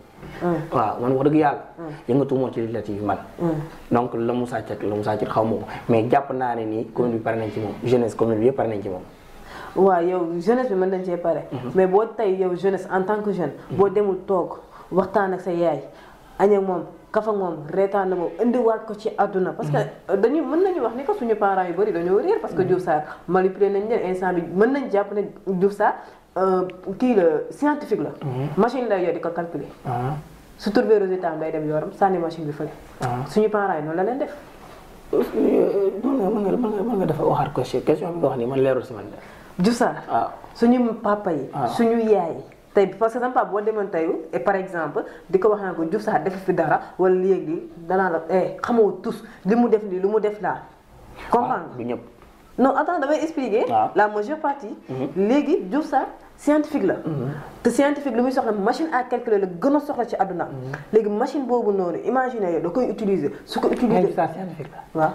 Hmm. waaw man wax dëgg yàlla. Hmm. yëngatuma ci législative man. Hmm. donc la mu sàcc la mu sàcc xaw ma mais jàpp naa ne nii commune bi pare nañ ci moom jeunesse commune bi yëpp ci moom. mën nañ cee pare. mais boo tey yow jeunesse en tant que jeune. boo demul toog waxtaan ak sa yaay añ ak moom. kafa moom reetaan na moom indiwaat ko ci àdduna parce que dañu mën nañu wax ni ko suñu parents yu bëri dañoo réer parce que Diouf Sarr nañ leen instant bi mën nañ jàpp ne Diouf Euh, kii la scientifique la. Mhm. machine lay yor di ko calculer. Mhm. su trouvé résultat am day dem yoram sànni machine bi fële. Mhm. suñu parents yi noonu la leen def. Euh, mën nga mën nga mën nga waxaat question question bi nga wax nii man leerul si man de. Diouf Sarr. Ah. suñu papa yi. Ah. suñu yaay tey parce que sama papa boo demoon tey par exemple di ko wax naa ko juf Sarr def fi dara wala léegi danaa la eh xamoo tous li mu def nii lu mu def laa. Ah, comprendre du ñëpp. non attends damay expliquer. la majeure partie. Mhm. léegi Diouf Sarr scientifique la. Mhm. te scientifique lu muy machine à calculer le gën a soxla ci àdduna mhm. léegi machine boobu noonu imaginer da koy utiliser su ko utiliser. scientifique la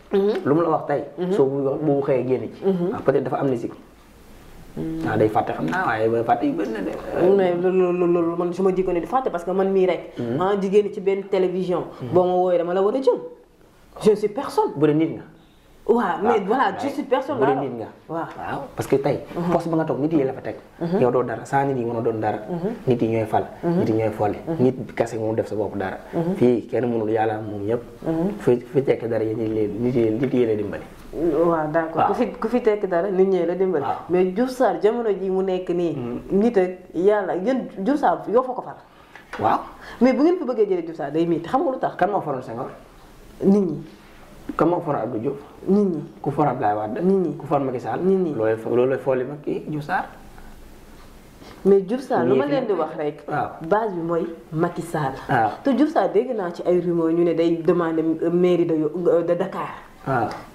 Mhm. lu mu la wax tay mhm. so bu bu xëyee genn ci. Mhm. ah peut-être dafa amnésique. na ah, day faté xam naa waaye ba fàtte yu na dé mais lolu loolu man suma jikko ni faté parce que man mi rek. ah jigéen ci ben télévision. boo ma wooyee dama la war a jëm. Oh. je suis personne. bu dee nit nga. Wah, mais voilà juste personne bu dee wah. nga waaw parce que tey poste ba nga toog nit yi la fa teg yow doo dara saa nit yi mën a doon dara nit yi ñooy fal nit yi ñooy folli nit kase moom def sa bopp dara fii kenn mënul yàlla moom Wah, fi fi tekk dara yéen nit yi nit yi la dimbali waaw d'accord ku fi ku fi tekk dara nit ñi la Wah, mais Diouf Sarr jamono ji mu nekk nii mhm. iya nit ak yàlla yéen Diouf Sarr yow fa waaw mais bu ngeen fi bëggee jëlee Diouf day miit xam nga lu kan moo faroon Senghor nit ñi kan moo for Abdou Diouf. nit ñi ku for Abdoulaye Wade. nit ñi ku for Macky Sall. nit ñi loolu loolu fooli ma kii Diouf Sarr. mais Diouf Sarr lu ma leen di wax rek. base bi mooy Macky Sall. te Diouf Sarr dégg naa ci ay rumeurs ñu ne day demander mairie da de Dakar.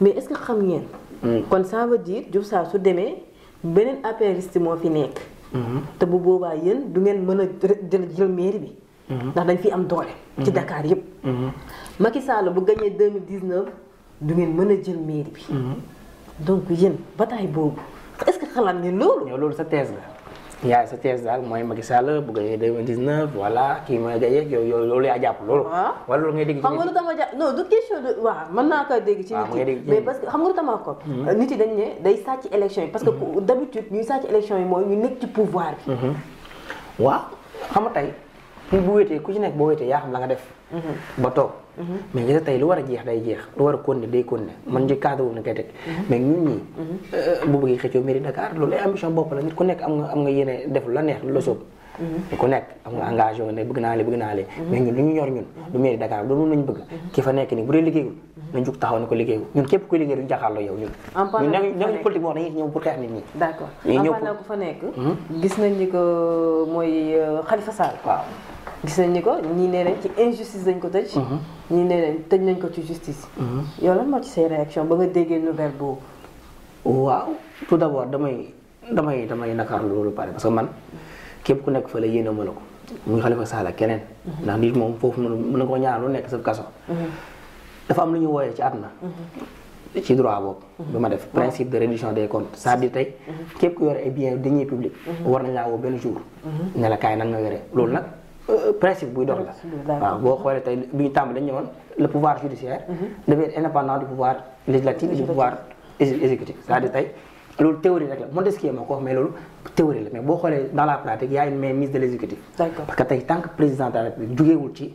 mais est-ce que xam ngeen. Hmm. kon ça veut dire Diouf su demee beneen apériste moo fi nekk. Hmm. te bu boobaa yéen du ngeen mën a jël mairie bi. Mhm. ndax dañ fi am doole. ci mhm. Dakar yëpp. Mhm. Macky Sall bu gagné deux mille dix neuf du ngeen mën a jël mairie bi. donc yéen bataille boobu est-ce que xalaat ngeen loolu. yow loolu sa thèse la. yaay sa thèse daal mooy Macky Sall bu gagné deux mille dix neuf voilà kii mooy gagné yow yow loolu yaa jàpp loolu. Ah. wala loolu ngay dégg ci xam nga mais parce que xam nga lu tama ko. Euh, nit yi dañ ne day sàcc élection yi. parce que d'habitude ñuy sàcc élection yi mooy ñu nekk ci pouvoir bi. waaw xam nga tey. fii bu wéetee ku ci nekk boo wéetee yaa xam la nga def. Mhm. ba toog. Mhm. mais gis tey lu war a jeex day jeex lu war a continuer day continuer man njëkk cadre boobu na koy teg. Mhm. mais ñun ñii. Euh, bu bëggee la nit nekk am am nga yéene def la neex lu la soob. ku nga engagement bëgg naa leen bëgg naa lu ñu ñor ñun. du mairie ki fa nekk nii bu dee liggéeyul. nañ jug taxaw ne ko liggéeyul ñun képp kuy liggéey duñ jaxaarloo yow ñun. en parlant ñun ñooñu politique boo xam ne dañuy ñëw pour xeex nit ku fa nekk. Hmm? gis nañ ni ko euh, mooy euh, Khalifa Sall. gis nañ ni ko ñii nee nañ ci injustice lañ ko tëj. Mhm. ñii nee nañ tëj nañ ko ci justice. Mhm. yow lan moo ci say réaction ba nga déggee nouvelle boobu. waaw tout d'abord damay damay damay loolu pare parce que man képp ku nekk fële yéene ma la ko muy Khalifa Sall ak keneen. Mhm. ndax nit na ko ñaar lu nekk sa kaso. dafa am lu ñu wooyee ci àdduna. ci droit boobu. bi ma def principe de réduction des comptes c'est-à-dire tey. képp ku yore ay biens deniers publics. war nañ laa woo benn jour. ne la kaay nan nga yore loolu nag. Euh, principe buy dox la waaw boo xoolee tey bi ñu tàmbali dañu ñëwoon le pouvoir judiciaire mhm. devait être indépendant du pouvoir législatif et du pouvoir exécutif c'est-à-dire tey loolu théorie rek la Montesquieu moo ko wax mais loolu théorie la mais boo xoolee dans la pratique y a une mise de l'exécutif parce que tey tant que président de la République jógeewul ci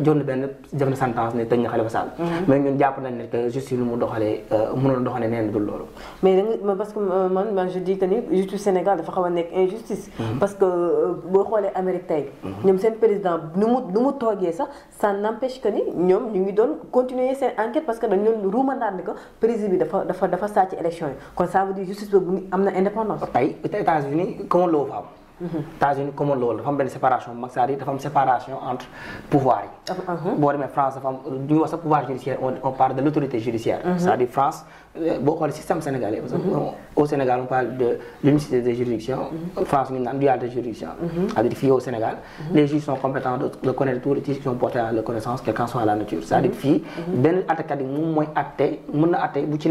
jox ben def na sentence ne tëj na Khalifa Sall. Mhm. mais ñun japp nañ ne que justice lu mu doxalee euh, mënoon doxalee neen dul lolu mais da nga parce que euh, man man je dis que ni justice Sénégal dafa xaw a nekk injustice. Mhm. parce que euh, bo xolé Amérique tay mhm. ñom sen président nu mu nu mu toogee sax ça n'empêche que ni ñom ñu ngi doon continuer seen enquête parce que dañ doon ruumandaat ne que président bi dafa dafa dafa sàcc élection yi kon ça veut dire justice boobu am indépendance. tey États-Unis comment lo fa États-Unis comme loolu séparation c'est-à-dire séparation entre pouvoirs. Uh-huh. En France pouvoir judiciaire on parle de l'autorité judiciaire. Uh-huh. c'est-à-dire France euh, beaucoup le système sénégalais. Uh-huh. Euh, au Sénégal on parle de l'unicité des juridictions. France on parle dualité des juridictions. c'est-à-dire au Sénégal. les juges sont compétents de connaître tous les litiges qui sont portés à la connaissance quelle qu'en soit la nature. c'est-à-dire fii ben attaque yi moom mooy atte mën na bu ci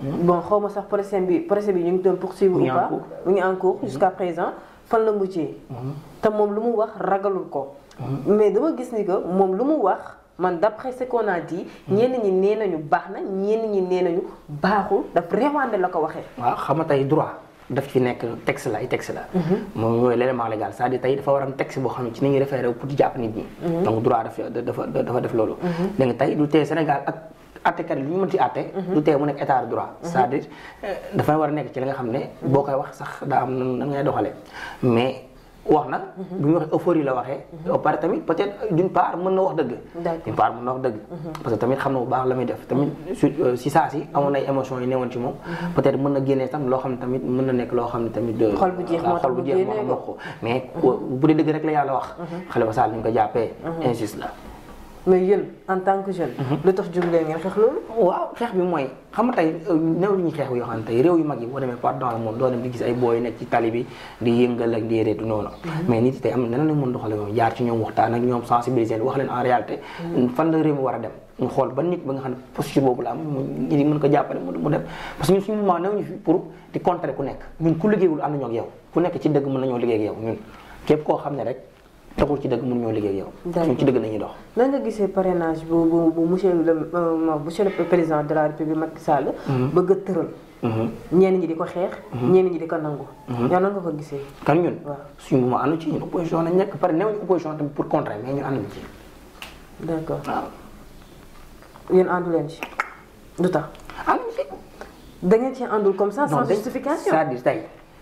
bon xaw ma sax procès bi procès bi ñu ngi doon poursuivre ou pas mu ngi en cours mhm. jusqu'à présent fan la mujjee mhm. Ta mom lu mu wax ragalul ko mhm. mais dama gis ni que mom lu mu wax man d'après ce qu'on a dit ñen ñi nee baxna ñen ñi nee nañu daf rewaande lako waxé. Wa xama tay droit daf ci nek texte la ay texte la Mom mooy l'élément légal c'est-à-dire tey dafa war am texte bo xam ci ni ñuy référé pour di japp nit ñi donc droit dafa dafa dafa def lolu. da tay du té Sénégal ak attekat yi lu ñu mën ci atte mhm. du tee mu nekk état droit mhm. cest à euh, dafay war a nekk ci li nga xam ne mhm. boo koy wax sax daa am na ngay doxale mais wax na bu ñu waxee euphorie la waxee au pare tamit peut-être d'une part mën na wax dëgg d'une part mën na wax dëgg parce que tamit xam na bu baax la may def tamit euh, si saa si amoon ay émotions yi newoon ci moom peut-être mën na génnee tam loo xam ne tamit mën na nekk loo xam ne tamit euh, xol bu jeex moo xam wax ko mais bu dee dëgg rek la yàlla wax xale ba saal ñu ko jàppee injuste la mais yéen en tant que jeune. Mhm. lu tax jóg leen ngeen xeex loolu. waaw xeex bi mooy xam nga tey euh, néew ñu xeex bi yoo xam ne tey réew yu mag yi boo demee par dans le monde doo dem di gis ay booy yu mhm. nit tey am na leneen mën jaar ci ñoom waxtaan ak ñoom sensibiliser leen mhm. fan la réew mi war a dem. ñu xool ba nit ba nga xam ne posture boobu la am ñu mën ko jàppale mu dem parce que ñun suñu moment néew ñu fi pour di contrer ku nekk ñun ku liggéeyul na ñoo ak yow ku nekk ci dëgg mën nañoo liggéey ak yow ñun képp koo xam ne rek taxul ci dëgg mënuñoo liggéey yow. suñ ci dëgg nañuy dox. nan nga gisee parrainage bu bu bu monsieur le euh, monsieur le président de la république Macky Sall. Mhm. bëgg a tëral. Mhm. ñenn ñi di ko xeex. Mhm. ñenn ñi di ko nangu. yow nan nga ko gisee. kan ñun suñu moom ànd ci ñun opposition nañ nekk pare newuñu opposition tamit pour contrer mais ñun ànd ci. d' accord waaw. yéen ci. du tax. ànd ci. da ngeen ci àndul comme ça sans justification. c'est-à-dire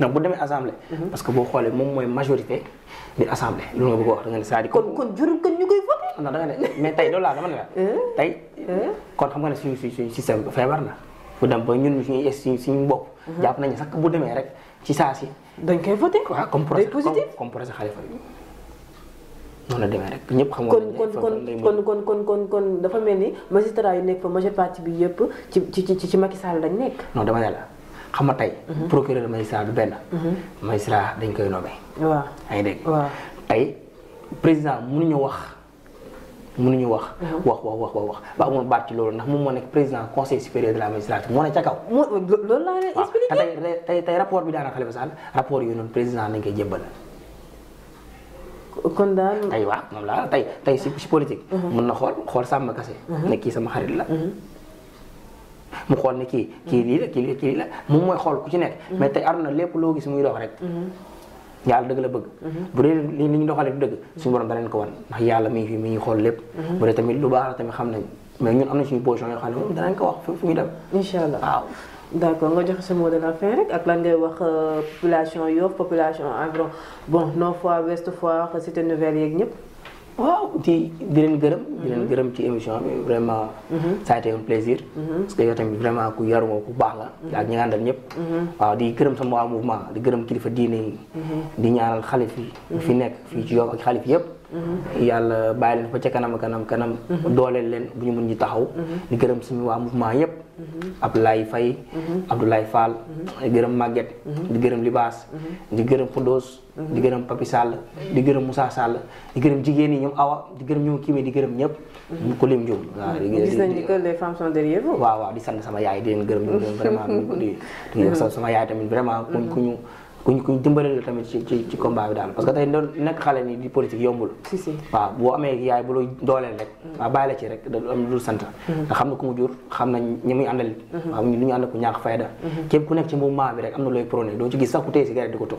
ndax bu demee assemblée. Mhm. parce que boo xoolee moom mooy majorité di assemblée loolu nga bëgg a wax da nga ne cest à kon kon jurul kon ñu koy voté. non da nga ne tey loolu euh? Euh? kon xam nga ne suñu suñu système bi feebar na bu dem ba ñun suñuy suñu suñu bopp. Mhm. jàpp nañu sax bu demee rek ci saa si. dañ koy voté waaw comme projet comme projet Khalifa bi noonu la demee rek ñëpp xam nga kon kon kon kon kon dafa mel ni magistrat yu nekk fa majorité parti bi yëpp ci ci ci Macky Sall dañ nekk. non dama ne la. xam nga tey. procureur magistrat du benn. magistrat dañ koy nommé. waaw yaa ngi dégg. tey président mënuñu wax mënuñu wax. wax mhm. wax wax wax wax ba amoon loolu ndax moom moo nekk président conseil supérieur de la magistrature moo ne ca kaw. loolu laa lay tey rapport bi daanaka Khalifa Sall rapport yooyu noonu président nañ koy jébbal. kon daal tey waaw moom laa tey tey si politique. Mhm. mën na xool xool Samba Kassé. Mhm. ne kii sama xarit la. mu xool ne kii kii lii la kii lii la moom mooy xool ku ci nekk mm-hmm. mais tey àdduna lépp loo gis muy dox rek mm-hmm. yàlla dëgg la bëgg mm-hmm. bu dee li ñu doxalee du dëgg suñu borom danañ ko wan mi ngi fi mi ngi xool lépp bu dee tamit lu xam nañ mais ñun am na suñu position yoo xam ne moom danañ ko wax fu ñu dem incha allah waaw d' accord nga joxe sa mot de la fin rek ak lan ngay wax euh, population Yoff population environ bon Nord Foire Ouest Foire Cité Nouvelle yeeg ñëpp waaw di di leen gërëm. di mhm. gërëm ci émission bi vraiment. Mhm. ça a été plaisir. Mhm. parce que yow tamit vraiment ku yaru nga ku baax la. ak ñi nga àndal ñëpp. waaw di gërëm sama waa mouvement di gërëm kilifa diine yi. di ñaanal xalif yi. fi nekk fii ci Yoff ak xalif yëpp. yàlla bàyyi leen fa ca kanam kanam kanam. Mhm. dooleel leen bu ñu mun ñu taxaw. Mhm. di gërëm suñu waa mouvement yëpp. Mhm. Abdoulaye Faye. Abdoulaye Fall. di gërëm Maguette. di gërëm Libaas. di gërëm Fudos. di gërëm Papi Sall. di gërëm Moussa Sall. di gërëm jigéen ñi ñoom Awa di gërëm ñoom Kimé di gërëm ñëpp. bu lim jóg. waaw waaw di sant sama yaay di leen gërëm di leen vraiment di di sant sama yaay tamit vraiment. kuñ kuñ dimbaleel la tamit ci ci ci combat bi parce que tey doon nekk xale ni di politique yombul waaw boo amee yaay bu la dooleel rek mm. waaw bàyyi la ci rek da am dul sant mm-hmm. nga xam ne ku mu jur xam na ñi muy àndal xam mm-hmm. lu ñu ànd ku ñàkk fayda mm-hmm. képp ku nekk ci mouvement bi rek am na looy prôné doo ci gis sax ku téye cigarette di ko tux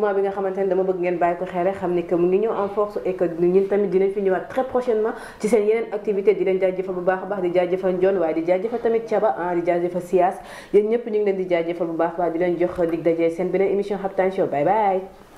mouvement bi nga xamante ne dama bëgg ngeen bàyyi ko xel xam ni que mu ngi ñëw en force et que ñun tamit dinañ fi ñëwaat très prochainement ci seen yeneen activité di leen jaajëfal bu baax a baax di jaajëfal Ndione waaye di jaajëfal tamit Thiaba ah di jaajëfal Sias yéen ñëpp ñu ngi leen di jaajëfal bu baax a baax di leen jox dig daje seen beneen émission Happy Time Show bye bye